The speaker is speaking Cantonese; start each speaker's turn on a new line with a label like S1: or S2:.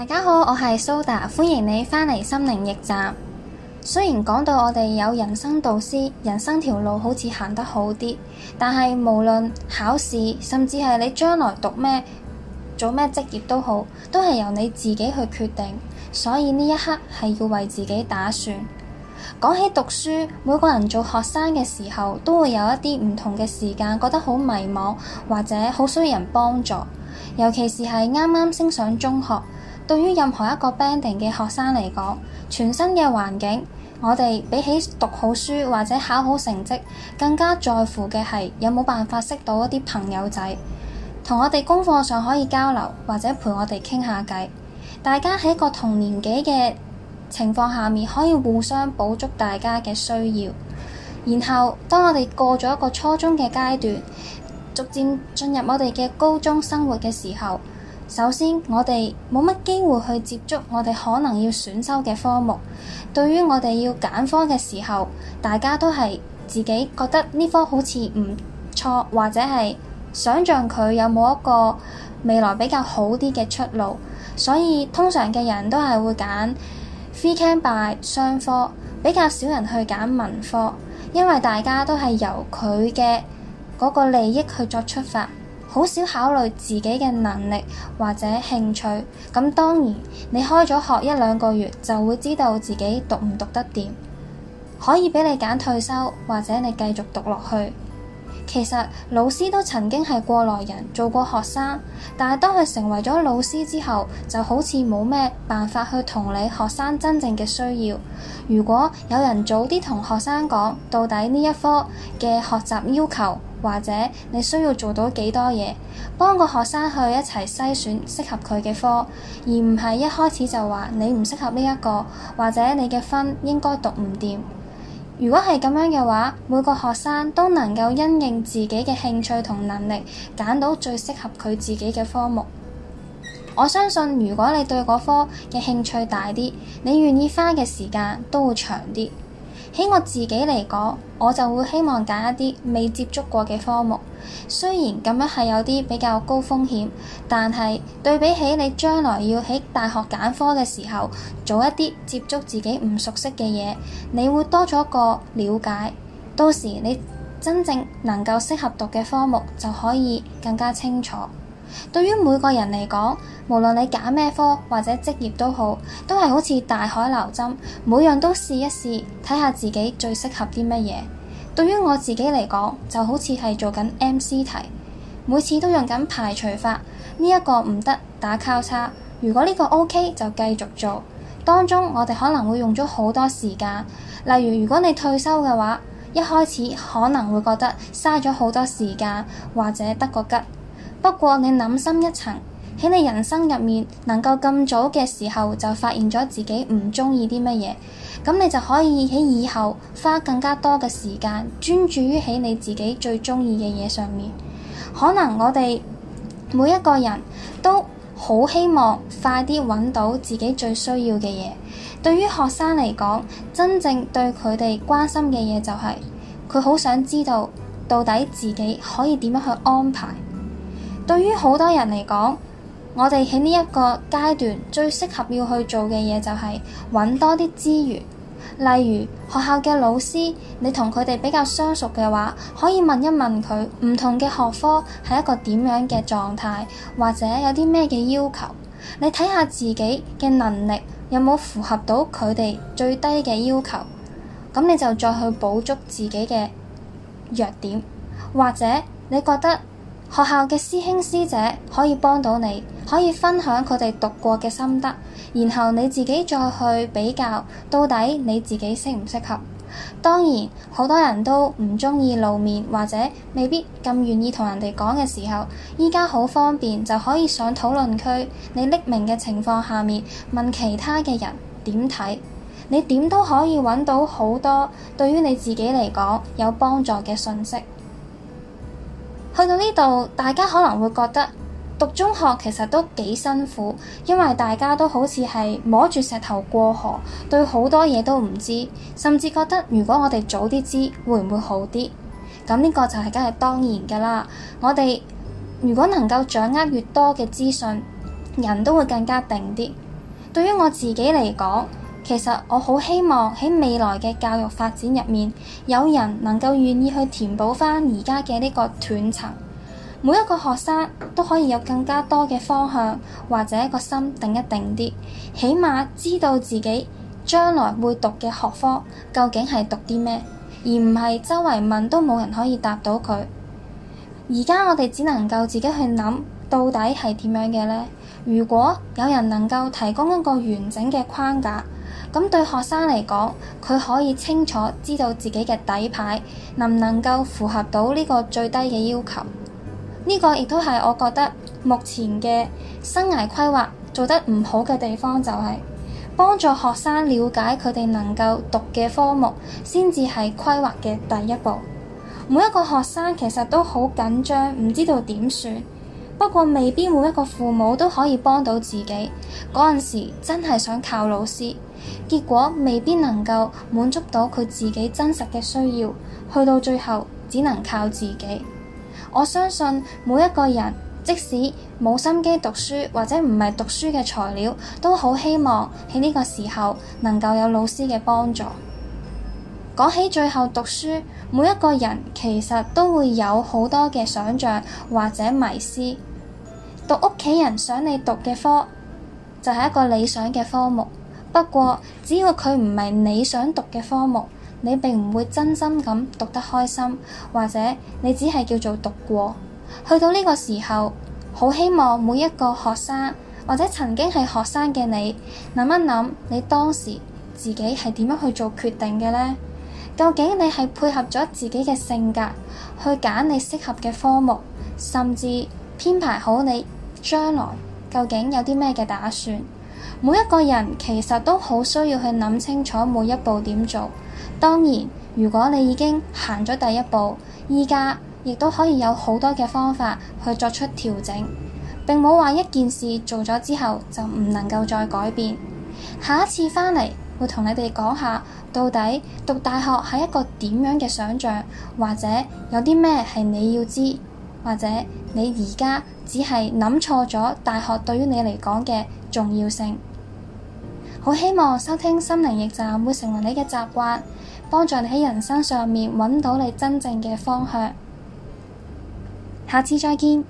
S1: 大家好，我係蘇達，歡迎你返嚟心靈驛站。雖然講到我哋有人生導師，人生條路好似行得好啲，但係無論考試，甚至係你將來讀咩做咩職業都好，都係由你自己去決定。所以呢一刻係要為自己打算。講起讀書，每個人做學生嘅時候都會有一啲唔同嘅時間，覺得好迷茫，或者好需要人幫助，尤其是係啱啱升上中學。對於任何一個 banding 嘅學生嚟講，全新嘅環境，我哋比起讀好書或者考好成績，更加在乎嘅係有冇辦法識到一啲朋友仔，同我哋功課上可以交流，或者陪我哋傾下偈。大家喺一個同年紀嘅情況下面，可以互相補足大家嘅需要。然後，當我哋過咗一個初中嘅階段，逐漸進入我哋嘅高中生活嘅時候，首先，我哋冇乜機會去接觸我哋可能要選修嘅科目。對於我哋要揀科嘅時候，大家都係自己覺得呢科好似唔錯，或者係想像佢有冇一個未來比較好啲嘅出路。所以通常嘅人都係會揀 free camp by 商科，比較少人去揀文科，因為大家都係由佢嘅嗰個利益去作出發。好少考慮自己嘅能力或者興趣，咁當然你開咗學一兩個月就會知道自己讀唔讀得掂，可以畀你揀退休或者你繼續讀落去。其實老師都曾經係過來人做過學生，但係當佢成為咗老師之後，就好似冇咩辦法去同理學生真正嘅需要。如果有人早啲同學生講到底呢一科嘅學習要求。或者你需要做到幾多嘢，幫個學生去一齊篩選適合佢嘅科，而唔係一開始就話你唔適合呢一個，或者你嘅分應該讀唔掂。如果係咁樣嘅話，每個學生都能夠因應自己嘅興趣同能力，揀到最適合佢自己嘅科目。我相信如果你對嗰科嘅興趣大啲，你願意花嘅時間都會長啲。喺我自己嚟講，我就會希望揀一啲未接觸過嘅科目。雖然咁樣係有啲比較高風險，但係對比起你將來要喺大學揀科嘅時候，做一啲接觸自己唔熟悉嘅嘢，你會多咗個了解。到時你真正能夠適合讀嘅科目就可以更加清楚。對於每個人嚟講，無論你揀咩科或者職業都好，都係好似大海撈針，每樣都試一試，睇下自己最適合啲乜嘢。對於我自己嚟講，就好似係做緊 MC 題，每次都用緊排除法，呢一個唔得打交叉，如果呢個 OK 就繼續做。當中我哋可能會用咗好多時間，例如如果你退休嘅話，一開始可能會覺得嘥咗好多時間或者得個吉。不過，你諗深一層，喺你人生入面能夠咁早嘅時候就發現咗自己唔中意啲乜嘢，咁你就可以喺以後花更加多嘅時間專注於喺你自己最中意嘅嘢上面。可能我哋每一個人都好希望快啲揾到自己最需要嘅嘢。對於學生嚟講，真正對佢哋關心嘅嘢就係佢好想知道到底自己可以點樣去安排。對於好多人嚟講，我哋喺呢一個階段最適合要去做嘅嘢就係揾多啲資源，例如學校嘅老師，你同佢哋比較相熟嘅話，可以問一問佢唔同嘅學科係一個點樣嘅狀態，或者有啲咩嘅要求，你睇下自己嘅能力有冇符合到佢哋最低嘅要求，咁你就再去補足自己嘅弱點，或者你覺得。學校嘅師兄師姐可以幫到你，可以分享佢哋讀過嘅心得，然後你自己再去比較到底你自己適唔適合。當然好多人都唔鍾意露面或者未必咁願意同人哋講嘅時候，依家好方便就可以上討論區，你匿名嘅情況下面問其他嘅人點睇，你點都可以揾到好多對於你自己嚟講有幫助嘅信息。去到呢度，大家可能會覺得讀中學其實都幾辛苦，因為大家都好似係摸住石頭過河，對好多嘢都唔知，甚至覺得如果我哋早啲知，會唔會好啲？咁呢個就係梗係當然㗎喇。我哋如果能夠掌握越多嘅資訊，人都會更加定啲。對於我自己嚟講，其實我好希望喺未來嘅教育發展入面，有人能夠願意去填補翻而家嘅呢個斷層。每一個學生都可以有更加多嘅方向，或者一個心定一定啲，起碼知道自己將來會讀嘅學科究竟係讀啲咩，而唔係周圍問都冇人可以答到佢。而家我哋只能夠自己去諗，到底係點樣嘅呢？如果有人能夠提供一個完整嘅框架。咁對學生嚟講，佢可以清楚知道自己嘅底牌，能唔能夠符合到呢個最低嘅要求。呢個亦都係我覺得目前嘅生涯規劃做得唔好嘅地方，就係幫助學生了解佢哋能夠讀嘅科目，先至係規劃嘅第一步。每一個學生其實都好緊張，唔知道點算。不過未必每一個父母都可以幫到自己，嗰陣時真係想靠老師，結果未必能夠滿足到佢自己真實嘅需要，去到最後只能靠自己。我相信每一個人，即使冇心機讀書或者唔係讀書嘅材料，都好希望喺呢個時候能夠有老師嘅幫助。講起最後讀書，每一個人其實都會有好多嘅想像或者迷思。讀屋企人想你讀嘅科就係一個理想嘅科目。不過只要佢唔係你想讀嘅科目，你並唔會真心咁讀得開心，或者你只係叫做讀過。去到呢個時候，好希望每一個學生或者曾經係學生嘅你諗一諗，你當時自己係點樣去做決定嘅呢？究竟你係配合咗自己嘅性格去揀你適合嘅科目，甚至編排好你。將來究竟有啲咩嘅打算？每一個人其實都好需要去諗清楚每一步點做。當然，如果你已經行咗第一步，而家亦都可以有好多嘅方法去作出調整，並冇話一件事做咗之後就唔能夠再改變。下次一次返嚟，下一次返嚟會同你哋講下到底讀大學係一個點樣嘅想象，或者有啲咩係你要知。或者你而家只係諗錯咗大學對於你嚟講嘅重要性。好希望收聽心靈驛站會成為你嘅習慣，幫助你喺人生上面揾到你真正嘅方向。下次再見。